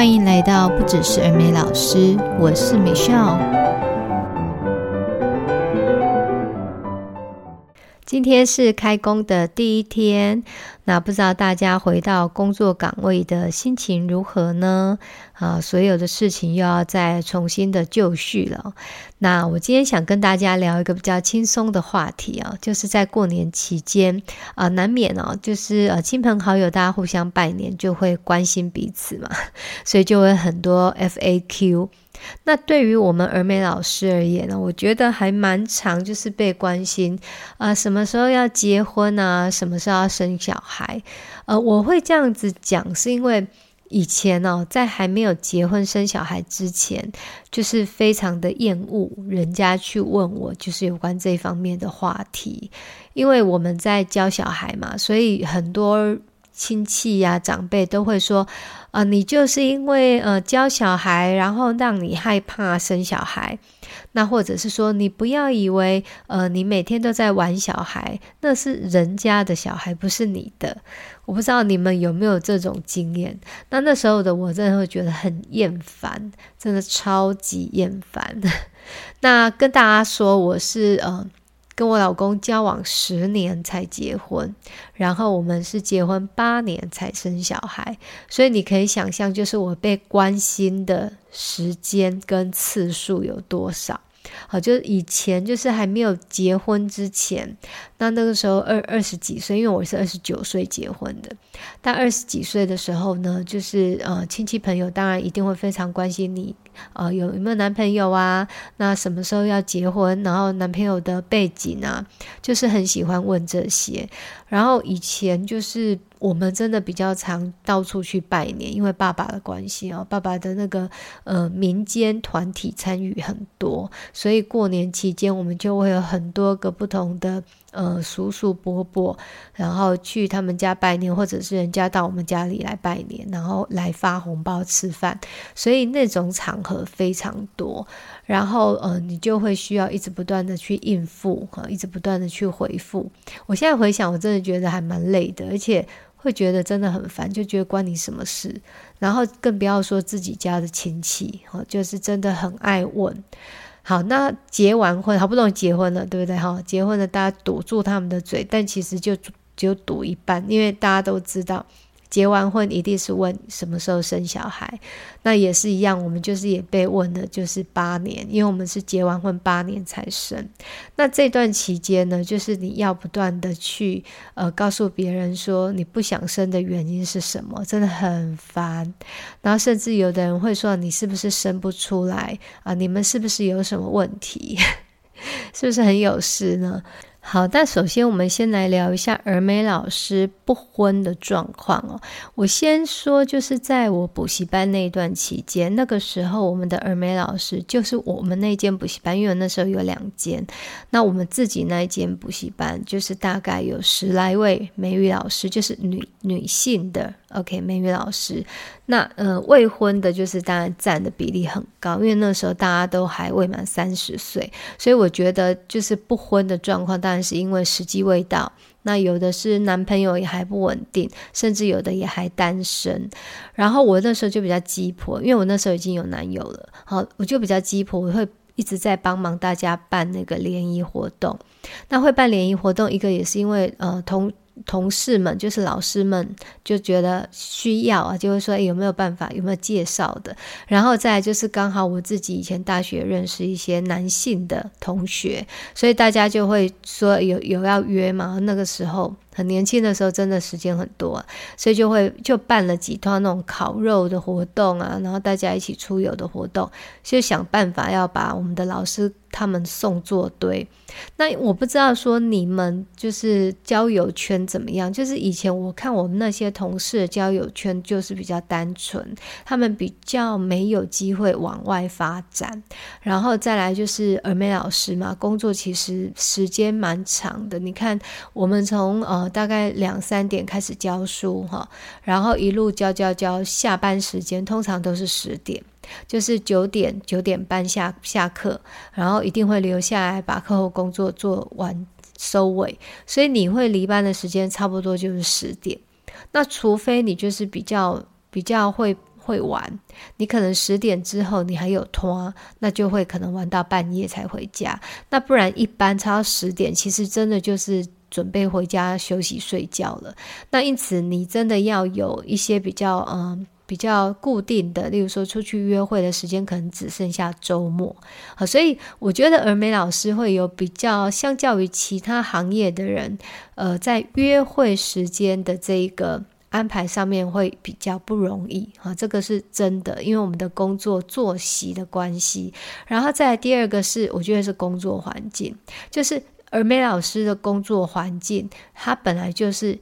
歡迎來到不只是兒美老師，我是美笑。今天是開工的第一天，那不知道大家回到工作崗位的心情如何呢？啊，所有的事情又要再重新的就緒了。那我今天想跟大家聊一個比較輕鬆的話題啊，就是在過年期間啊，難免哦、啊，就是呃、啊、親朋好友大家互相拜年，就會關心彼此嘛，所以就會很多 FAQ。那對於我們兒美老師而言呢，我覺得還蠻常，就是被關心啊、呃，什麼時候要結婚啊，什麼時候要生小孩，呃，我會這樣子講，是因為以前哦，在還沒有結婚生小孩之前，就是非常的厭惡人家去問我，就是有關這方面的話題，因為我們在教小孩嘛，所以很多。親戚呀、啊，長輩都會說：“啊、呃，你就是因為呃教小孩，然後讓你害怕生小孩。那或者是說，你不要以為呃你每天都在玩小孩，那是人家的小孩，不是你的。我不知道你們有沒有這種經驗？那那時候的我真的會覺得很厭煩，真的超級厭煩。 那跟大家說，我是呃。”跟我老公交往十年才結婚，然後我們是結婚八年才生小孩，所以你可以想象，就是我被關心的時間跟次數有多少。好，就以前就是還沒有結婚之前，那那個時候二二十幾歲，因為我是二十九歲結婚的。但二十幾歲的時候呢，就是呃，親戚朋友當然一定會非常關心你，呃有，有沒有男朋友啊？那什麼時候要結婚？然後男朋友的背景啊，就是很喜歡問這些。然後以前就是。我們真的比較常到處去拜年，因為爸爸的關係哦，爸爸的那個呃民間團體參與很多，所以過年期間我們就會有很多個不同的呃叔叔伯伯，然後去他們家拜年，或者是人家到我們家裡來拜年，然後來發紅包吃飯，所以那種場合非常多，然後呃你就會需要一直不斷的去應付，呃，一直不斷的去回復。我現在回想，我真的覺得還蠻累的，而且，會覺得真的很煩，就覺得關你什麼事，然後更不要說自己家的親戚，哦，就是真的很愛問。好，那結完婚，好不容易結婚了，對不對？哈，哦，結婚了，大家堵住他們的嘴，但其實就就堵一半，因為大家都知道。結完婚一定是問什麼時候生小孩，那也是一樣，我們就是也被問的就是八年，因為我們是結完婚八年才生。那這段期間呢，就是你要不斷的去呃告訴別人說你不想生的原因是什麼，真的很煩。然後甚至有的人會說，你是不是生不出來啊？呃？你們是不是有什麼問題？ 是不是很有事呢？好，那首先我們先來聊一下兒美老師不婚的狀況哦。我先說，就是在我補習班那一段期間，那個時候我們的兒美老師就是我們那間補習班，因為那時候有兩間，那我們自己那一間補習班就是大概有十來位美語老師，就是女女性的，OK，美語老師。那呃，未婚的，就是當然占的比例很高，因為那時候大家都還未滿三十歲，所以我覺得就是不婚的狀況，當然是因為時機未到。那有的是男朋友也還不穩定，甚至有的也還單身。然後我那時候就比較雞婆，因為我那時候已經有男友了，好，我就比較雞婆，我會一直在幫忙大家辦那個聯誼活動。那會辦聯誼活動，一個也是因為呃，同。同事們就是老師們就覺得需要啊，就會說，欸，有沒有辦法，有沒有介紹的。然後再來就是剛好我自己以前大學認識一些男性的同學，所以大家就會說有有要約嘛。那個時候。很年輕的時候，真的時間很多啊，所以就會就辦了幾趟那種烤肉的活動啊，然後大家一起出遊的活動，就想辦法要把我們的老師他們送作堆。那我不知道說你們就是交友圈怎麼樣？就是以前我看我們那些同事的交友圈就是比較單純，他們比較沒有機會往外發展。然後再來就是兒美老師嘛，工作其實時間蠻長的。你看我們從呃。哦，大概兩三點開始教書哈，哦，然後一路教教教，下班時間通常都是十點，就是九點九點半下下課，然後一定會留下來把課後工作做完收尾，所以你會離班的時間差不多就是十點。那除非你就是比較比較會會玩，你可能十點之後你還有拖，那就會可能玩到半夜才回家。那不然一般差十點，其實真的就是。準備回家休息睡覺了，那因此你真的要有一些比較嗯比較固定的，例如說出去約會的時間可能只剩下周末啊，所以我覺得兒美老師會有比較相較於其他行業的人，呃，在約會時間的這一個安排上面會比較不容易啊，這個是真的，因為我們的工作作息的關係。然後再來第二個是我覺得是工作環境，就是。而美老師的工作環境，她本來就是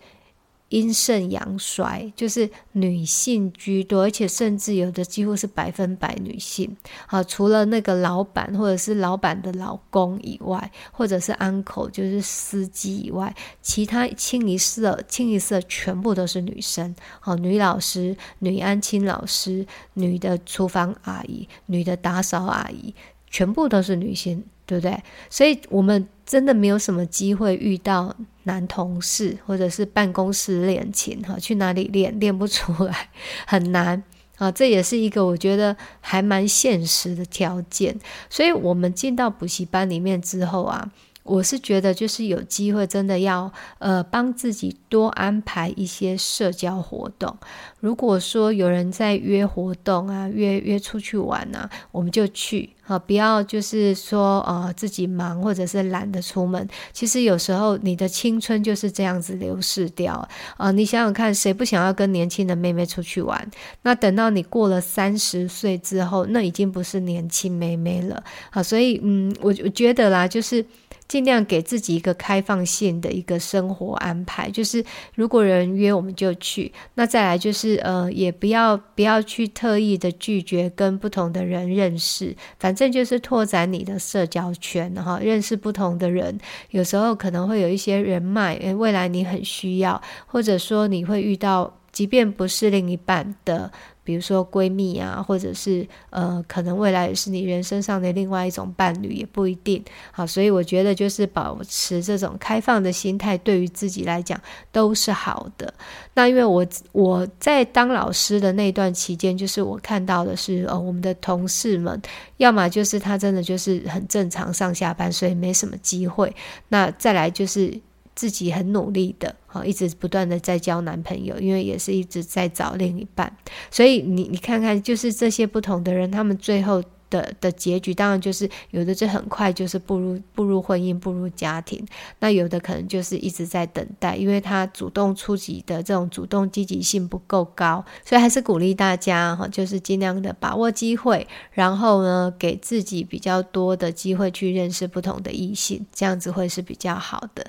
陰盛陽衰，就是女性居多，而且甚至有的幾乎是百分百女性。好，除了那個老闆或者是老闆的老公以外，或者是 uncle 就是司機以外，其他清一色，清一色全部都是女生。好，女老師、女安親老師、女的廚房阿姨、女的打掃阿姨，全部都是女性。對不對？所以我們真的沒有什麼機會遇到男同事或者是辦公室戀情哈，去哪裡戀，戀不出來，很難啊。這也是一個我覺得還蠻現實的條件。所以我們進到補習班裡面之後啊。我是覺得，就是有機會真的要，呃，幫自己多安排一些社交活動。如果說有人在約活動啊，約約出去玩啊，我們就去，好，不要就是說，呃，自己忙或者是懶得出門。其實有時候你的青春就是這樣子流逝掉啊。你想想看，誰不想要跟年輕的妹妹出去玩？那等到你過了三十歲之後，那已經不是年輕妹妹了。好，所以嗯，我我覺得啦，就是。儘量給自己一個開放性的一個生活安排，就是如果人約我們就去，那再來就是呃，也不要不要去特意的拒絕跟不同的人認識，反正就是拓展你的社交圈哈，認識不同的人，有時候可能會有一些人脈，因為未來你很需要，或者說你會遇到，即便不是另一半的。比如說閨蜜啊，或者是呃，可能未來也是你人生上的另外一種伴侶，也不一定。好，所以我覺得就是保持這種開放的心態，對於自己來講都是好的。那因為我我在當老師的那段期間，就是我看到的是，呃、哦，我們的同事們，要麼就是他真的就是很正常上下班，所以沒什麼機會。那再來就是。自己很努力的哈，一直不斷的在交男朋友，因為也是一直在找另一半。所以你你看看，就是這些不同的人，他們最後的的結局，當然就是有的就很快就是步入步入婚姻、步入家庭，那有的可能就是一直在等待，因為他主動出擊的這種主動積極性不夠高。所以還是鼓勵大家哈，就是盡量的把握機會，然後呢，給自己比較多的機會去認識不同的異性，這樣子會是比較好的。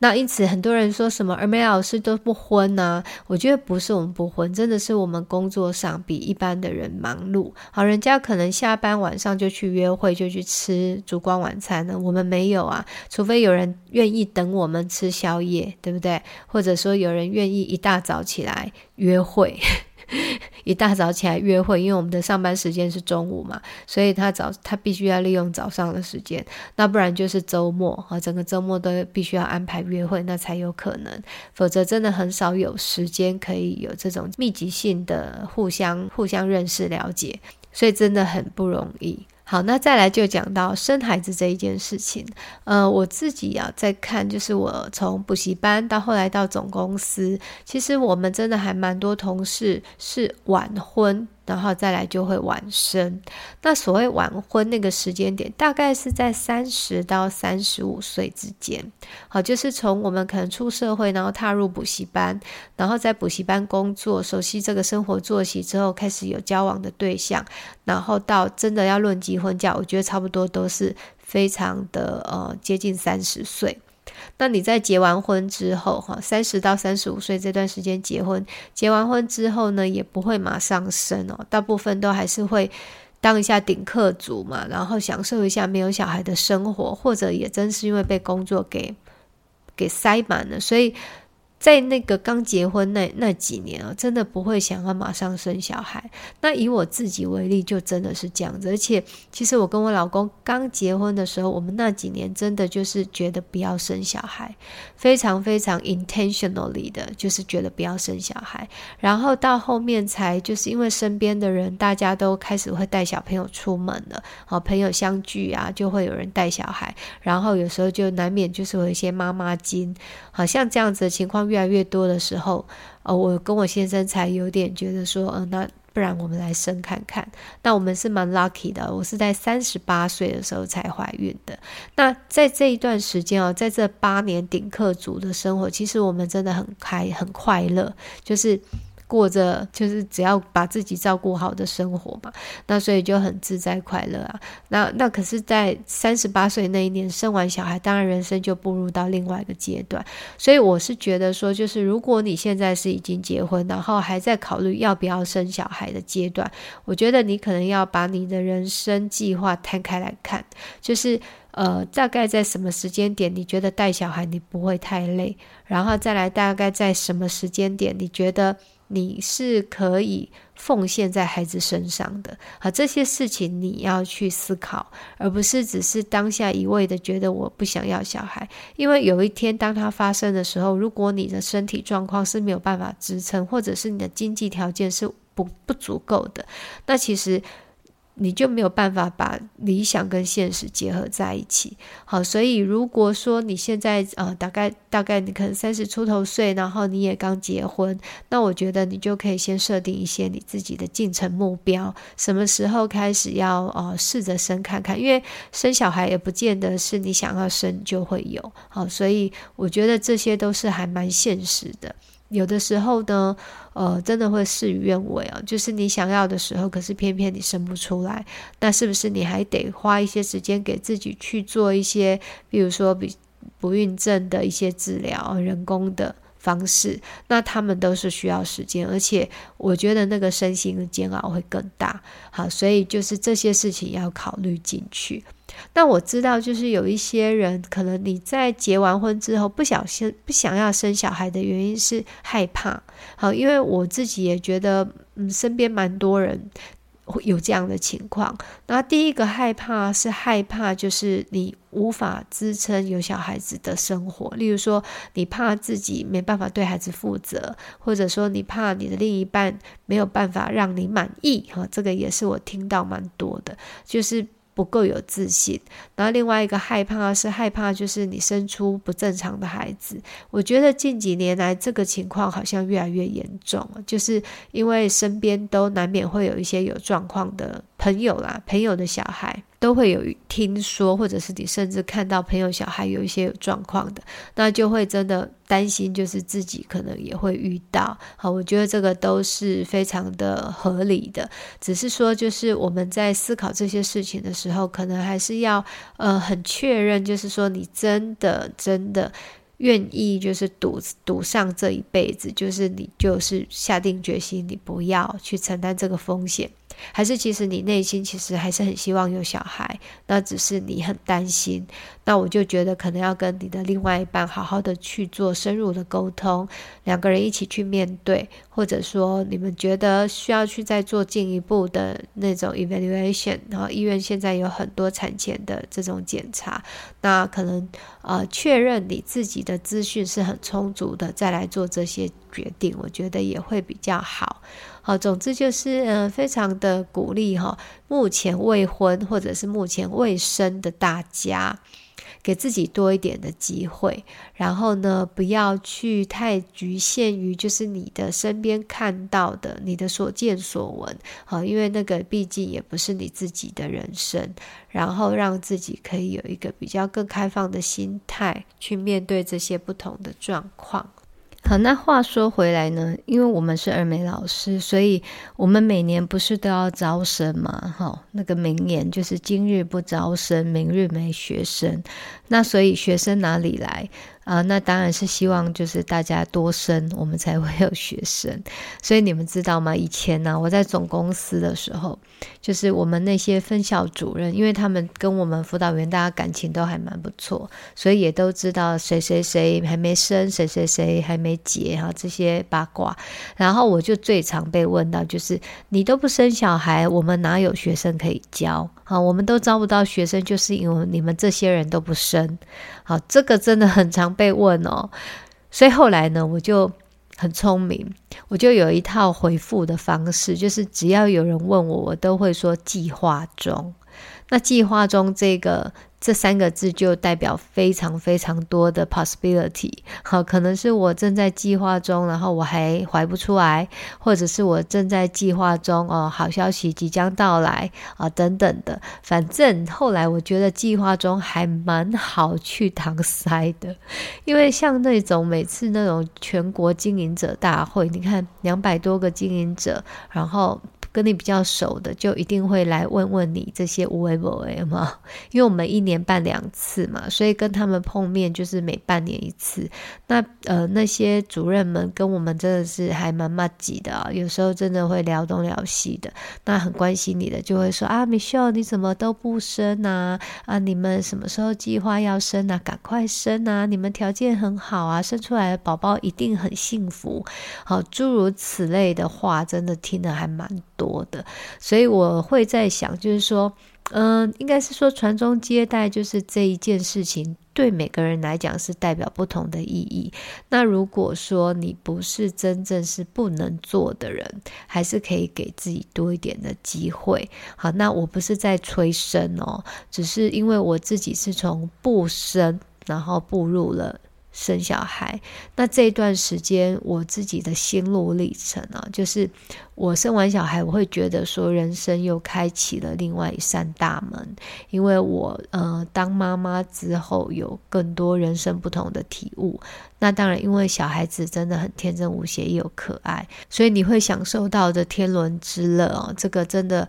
那因此，很多人說什麼“兒美老師都不婚、啊”呢？我覺得不是我們不婚，真的是我們工作上比一般的人忙碌。好，人家可能下班晚上就去約會，就去吃燭光晚餐呢。我們沒有啊。除非有人願意等我們吃宵夜，對不對？或者說有人願意一大早起來約會。一大早起來約會，因為我們的上班時間是中午嘛，所以他早，他必須要利用早上的時間，那不然就是周末，啊，整個周末都必須要安排約會，那才有可能，否則真的很少有時間可以有這種密集性的互相，互相認識、了解，所以真的很不容易。好，那再來就講到生孩子這一件事情。呃，我自己啊，在看就是我從補習班到後來到總公司，其實我們真的還蠻多同事是晚婚。然後再來就會晚生，那所謂晚婚那個時間點，大概是在三十到三十五歲之間。好，就是從我們可能出社會，然後踏入補習班，然後在補習班工作，熟悉這個生活作息之後，開始有交往的對象，然後到真的要論及婚嫁，我覺得差不多都是非常的呃接近三十歲。那你在結完婚之後，哈，三十到三十五歲這段時間結婚，結完婚之後呢，也不會馬上生哦，大部分都還是會當一下頂客族嘛，然後享受一下沒有小孩的生活，或者也真是因為被工作給給塞滿了，所以。在那個剛結婚那那幾年啊、哦，真的不會想要馬上生小孩。那以我自己為例，就真的是這樣子。而且，其實我跟我老公剛結婚的時候，我們那幾年真的就是覺得不要生小孩。非常非常 intentionally 的，就是覺得不要生小孩，然後到後面才就是因為身邊的人大家都開始會帶小朋友出門了，好朋友相聚啊，就會有人帶小孩，然後有時候就難免就是有一些媽媽經。好像這樣子的情況越來越多的時候，呃，我跟我先生才有點覺得說，嗯、呃，那。不然我們來生看看。那我們是蠻 lucky 的，我是在三十八歲的時候才懷孕的。那在這一段時間哦，在這八年頂客族的生活，其實我們真的很開，很快樂，就是。過着就是只要把自己照顧好的生活嘛，那所以就很自在快樂啊。那那可是，在三十八歲那一年生完小孩，當然人生就步入到另外一個階段。所以我是覺得說，就是如果你現在是已經結婚，然後還在考慮要不要生小孩的階段，我覺得你可能要把你的人生計劃攤開來看，就是呃，大概在什麼時間點你覺得帶小孩你不會太累，然後再來大概在什麼時間點你覺得。你是可以奉獻在孩子身上的。好，這些事情你要去思考，而不是只是當下一味的覺得我不想要小孩，因為有一天當它發生的時候，如果你的身體狀況是沒有辦法支撐，或者是你的經濟條件是不不足夠的，那其實。你就沒有辦法把理想跟現實結合在一起。好，所以如果說你現在呃，大概大概你可能三十出頭歲，然後你也剛結婚，那我覺得你就可以先設定一些你自己的進程目標，什麼時候開始要呃試着生看看，因為生小孩也不見得是你想要生就會有。好，所以我覺得這些都是還蠻現實的。有的時候呢，呃，真的會事與願違啊，就是你想要的時候，可是偏偏你生不出來，那是不是你還得花一些時間給自己去做一些，比如說比不孕症的一些治療，人工的方式，那他們都是需要時間，而且我覺得那個身心的煎熬會更大，好，所以就是這些事情要考慮進去。那我知道，就是有一些人，可能你在結完婚之後，不小心不想要生小孩的原因是害怕。好，因為我自己也覺得，嗯，身邊蠻多人會有這樣的情況。那第一個害怕是害怕，就是你無法支撐有小孩子的生活。例如說，你怕自己沒辦法對孩子負責，或者說你怕你的另一半沒有辦法讓你滿意。哈，這個也是我聽到蠻多的，就是。不夠有自信，然後另外一個害怕是害怕，就是你生出不正常的孩子。我覺得近幾年來，這個情況好像越來越嚴重，就是因為身邊都難免會有一些有狀況的。朋友啦，朋友的小孩都會有聽說，或者是你甚至看到朋友小孩有一些狀況的，那就會真的擔心，就是自己可能也會遇到。好，我覺得這個都是非常的合理的，只是說就是我們在思考這些事情的時候，可能還是要呃很確認，就是說你真的真的願意就是賭賭上這一輩子，就是你就是下定決心，你不要去承擔這個風險。還是其實你內心其實還是很希望有小孩，那只是你很擔心。那我就覺得可能要跟你的另外一半好好的去做深入的溝通，兩個人一起去面對，或者說你們覺得需要去再做進一步的那種 evaluation。然後醫院現在有很多產前的這種檢查，那可能，呃，確認你自己的資訊是很充足的，再來做這些決定，我覺得也會比較好。哦，總之就是，嗯、呃，非常的鼓勵哈、哦。目前未婚或者是目前未生的大家，給自己多一點的機會，然後呢，不要去太局限於就是你的身邊看到的、你的所見所聞，好、哦，因為那個畢竟也不是你自己的人生。然後讓自己可以有一個比較更開放的心態去面對這些不同的狀況。好，那話說回來呢，因為我們是兒美老師，所以我們每年不是都要招生嘛？哈、哦，那個名言就是“今日不招生，明日沒學生”，那所以學生哪裡來？啊，那當然是希望就是大家多生，我們才會有學生。所以你們知道嗎？以前呢、啊，我在總公司的時候，就是我們那些分校主任，因為他們跟我們輔導員大家感情都還蠻不錯，所以也都知道誰誰誰還沒生，誰誰誰還沒結，哈，這些八卦。然後我就最常被問到，就是你都不生小孩，我們哪有學生可以教啊？我們都招不到學生，就是因為你們這些人都不生。好，這個真的很常被問哦，所以後來呢，我就很聰明，我就有一套回復的方式，就是只要有人問我，我都會說計劃中。那計劃中這個。這三個字就代表非常非常多的 possibility，好、哦，可能是我正在計劃中，然後我還懷不出來，或者是我正在計劃中哦，好消息即將到來啊、哦，等等的，反正後來我覺得計劃中還蠻好去搪塞的，因為像那種每次那種全國經營者大會，你看兩百多個經營者，然後。跟你比較熟的，就一定會來問問你這些無不為嗎？因為我們一年辦兩次嘛，所以跟他們碰面就是每半年一次。那呃，那些主任們跟我們真的是還蠻麻吉的、哦、有時候真的會聊東聊西的。那很關心你的，就會說啊，Michelle，你怎麼都不生啊？啊，你們什麼時候計劃要生啊？趕快生啊！你們條件很好啊，生出來的寶寶一定很幸福。好，諸如此類的話，真的聽得還蠻多，我的，所以我會在想，就是說，嗯，應該是說傳宗接代，就是這一件事情，對每個人來講是代表不同的意義。那如果說你不是真正是不能做的人，還是可以給自己多一點的機會。好，那我不是在催生哦，只是因為我自己是從不生，然後步入了。生小孩，那這段時間我自己的心路歷程啊，就是我生完小孩，我會覺得說，人生又開啟了另外一扇大門，因為我呃當媽媽之後有更多人生不同的體悟。那當然，因為小孩子真的很天真無邪又可愛，所以你會享受到的天倫之樂哦、啊，這個真的。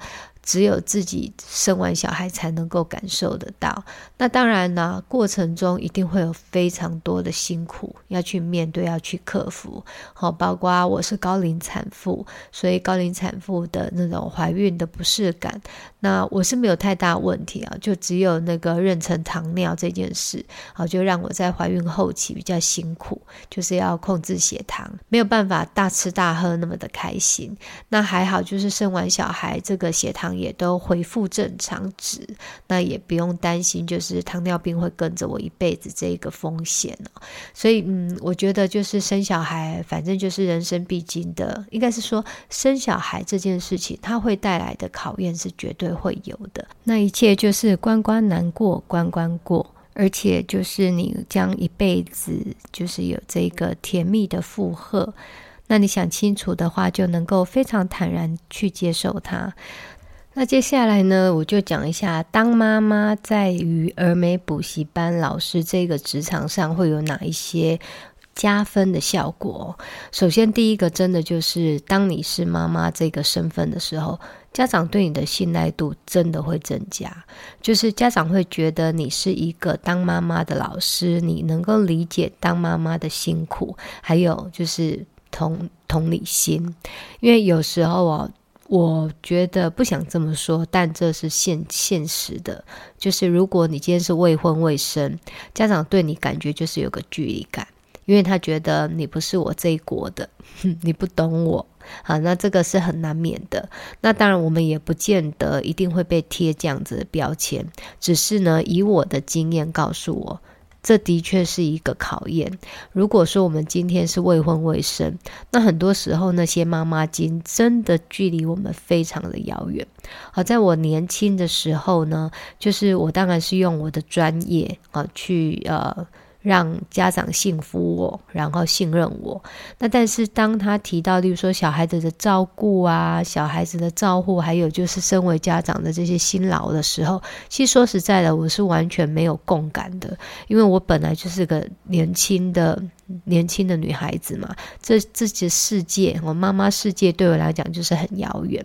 只有自己生完小孩才能夠感受得到。那當然呢，過程中一定會有非常多的辛苦要去面對、要去克服。好、哦，包括我是高齡產婦，所以高齡產婦的那種懷孕的不適感。那我是沒有太大問題啊，就只有那個妊娠糖尿這件事啊，就讓我在懷孕後期比較辛苦，就是要控制血糖，沒有辦法大吃大喝那麼的開心。那還好，就是生完小孩，這個血糖也都恢復正常值，那也不用擔心就是糖尿病會跟着我一輩子這一個風險哦。所以嗯，我覺得就是生小孩，反正就是人生必經的，應該是說生小孩這件事情，它會帶來的考驗是絕對的。會有的，那一切就是關關難過關關過，而且就是你將一輩子就是有這個甜蜜的負荷。那你想清楚的話，就能夠非常坦然去接受它。那接下來呢，我就講一下，當媽媽在於兒美補習班老師這個職場上會有哪一些，加分的效果，首先第一個真的就是，當你是媽媽這個身份的時候，家長對你的信賴度真的會增加，就是家長會覺得你是一個當媽媽的老師，你能夠理解當媽媽的辛苦，還有就是同同理心。因為有時候啊，我覺得不想這麼說，但這是現現實的，就是如果你今天是未婚未生，家長對你感覺就是有個距離感。因為他覺得你不是我這一國的，你不懂我，好，那這個是很難免的。那當然，我們也不見得一定會被貼這樣子的標籤，只是呢，以我的經驗告訴我，這的確是一個考驗。如果說我們今天是未婚未生，那很多時候那些媽媽經真的距離我們非常的遙遠。好，在我年輕的時候呢，就是我當然是用我的專業啊去呃。讓家長信服我，然後信任我。那但是當他提到，例如說小孩子的照顧啊，小孩子的照顧，還有就是身為家長的這些辛勞的時候，其實說實在的，我是完全沒有共感的，因為我本來就是個年輕的。年輕的女孩子嘛，這這些世界，我媽媽世界對我來講就是很遙遠，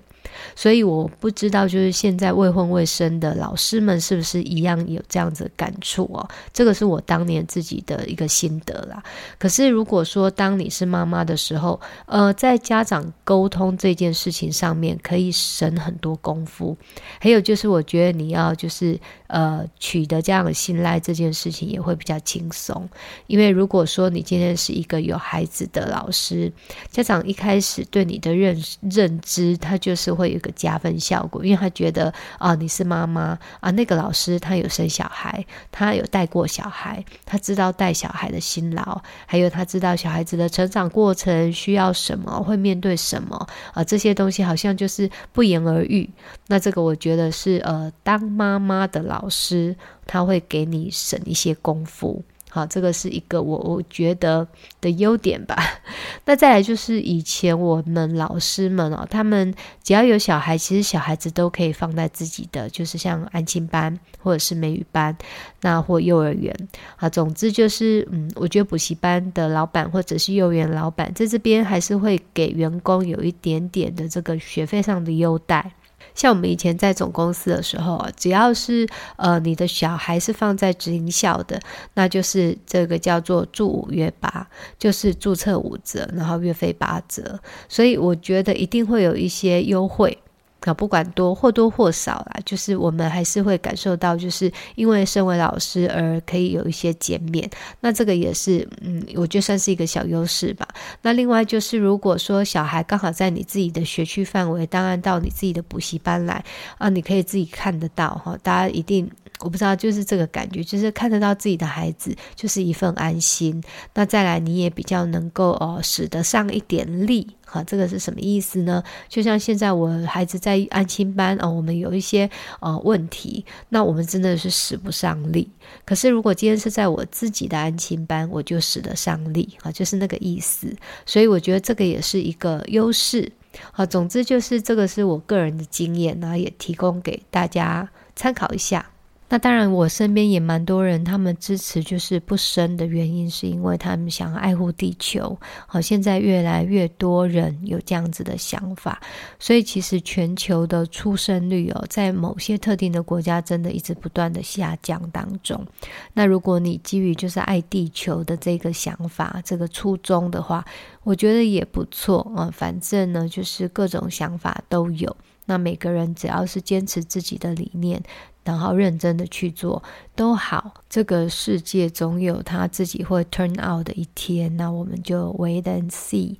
所以我不知道，就是現在未婚未生的老師們是不是一樣有這樣子的感觸哦？這個是我當年自己的一個心得啦。可是如果說當你是媽媽的時候，呃，在家長溝通這件事情上面可以省很多功夫，還有就是我覺得你要就是呃取得這樣的信賴這件事情也會比較輕鬆，因為如果說你。認識是一個有孩子的老師，家長一開始對你的認識認知，他就是會有個加分效果，因為他覺得啊，你是媽媽啊，那個老師他有生小孩，他有帶過小孩，他知道帶小孩的辛勞，還有他知道小孩子的成長過程需要什麼，會面對什麼啊，這些東西好像就是不言而喻。那這個我覺得是呃，當媽媽的老師，他會給你省一些功夫。好，這個是一個我我覺得的優點吧。 那再來就是以前我們老師們哦，他們只要有小孩，其實小孩子都可以放在自己的，就是像安親班或者是美語班，那或幼兒園。啊，總之就是，嗯，我覺得補習班的老闆或者是幼兒園老闆在這邊還是會給員工有一點點的這個學費上的優待。像我們以前在總公司的時候，只要是呃你的小孩是放在直營校的，那就是這個叫做住五月八，就是注冊五折，然後月費八折，所以我覺得一定會有一些優惠。那不管多或多或少啦，就是我們還是會感受到，就是因為身為老師而可以有一些減免，那這個也是，嗯，我覺得算是一個小優勢吧。那另外就是，如果說小孩剛好在你自己的學區範圍，當然到你自己的補習班來啊，你可以自己看得到哈，大家一定。我不知道，就是這個感覺，就是看得到自己的孩子，就是一份安心。那再來，你也比較能夠哦、呃，使得上一點力。哈，這個是什麼意思呢？就像現在我孩子在安親班哦、呃，我們有一些呃問題，那我們真的是使不上力。可是如果今天是在我自己的安親班，我就使得上力。啊，就是那個意思。所以我覺得這個也是一個優勢。好，總之就是這個是我個人的經驗呢，然後也提供給大家參考一下。那當然，我身邊也蠻多人，他們支持就是不生的原因，是因為他們想要愛護地球。好，現在越來越多人有這樣子的想法，所以其實全球的出生率哦，在某些特定的國家，真的一直不斷的下降當中。那如果你基於就是愛地球的這個想法、這個初衷的話，我覺得也不錯啊。反正呢，就是各種想法都有。那每個人只要是堅持自己的理念，然後認真的去做，都好。這個世界總有它自己會 turn out 的一天，那我們就 wait and see。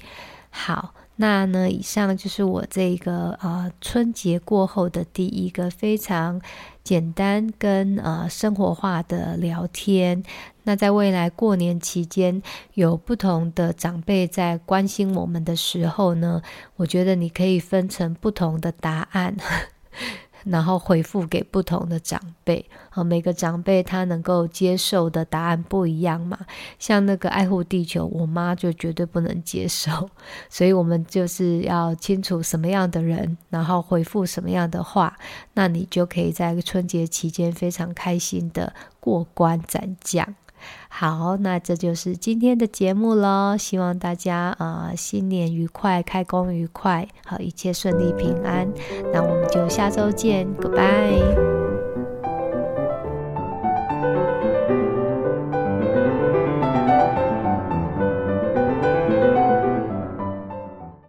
好。那呢，以上就是我這個啊、呃、春節過後的第一個非常簡單跟呃生活化的聊天。那在未來過年期間，有不同的長輩在關心我們的時候呢，我覺得你可以分成不同的答案。 然後回復給不同的長輩，和每個長輩他能夠接受的答案不一樣嘛。像那個愛護地球，我媽就絕對不能接受，所以我們就是要清楚什麼樣的人，然後回復什麼樣的話，那你就可以在春節期間非常開心的過關斬將。好，那這就是今天的節目嘍。希望大家啊、呃，新年愉快，開工愉快，好，一切順利平安。那我們就下週見，Goodbye。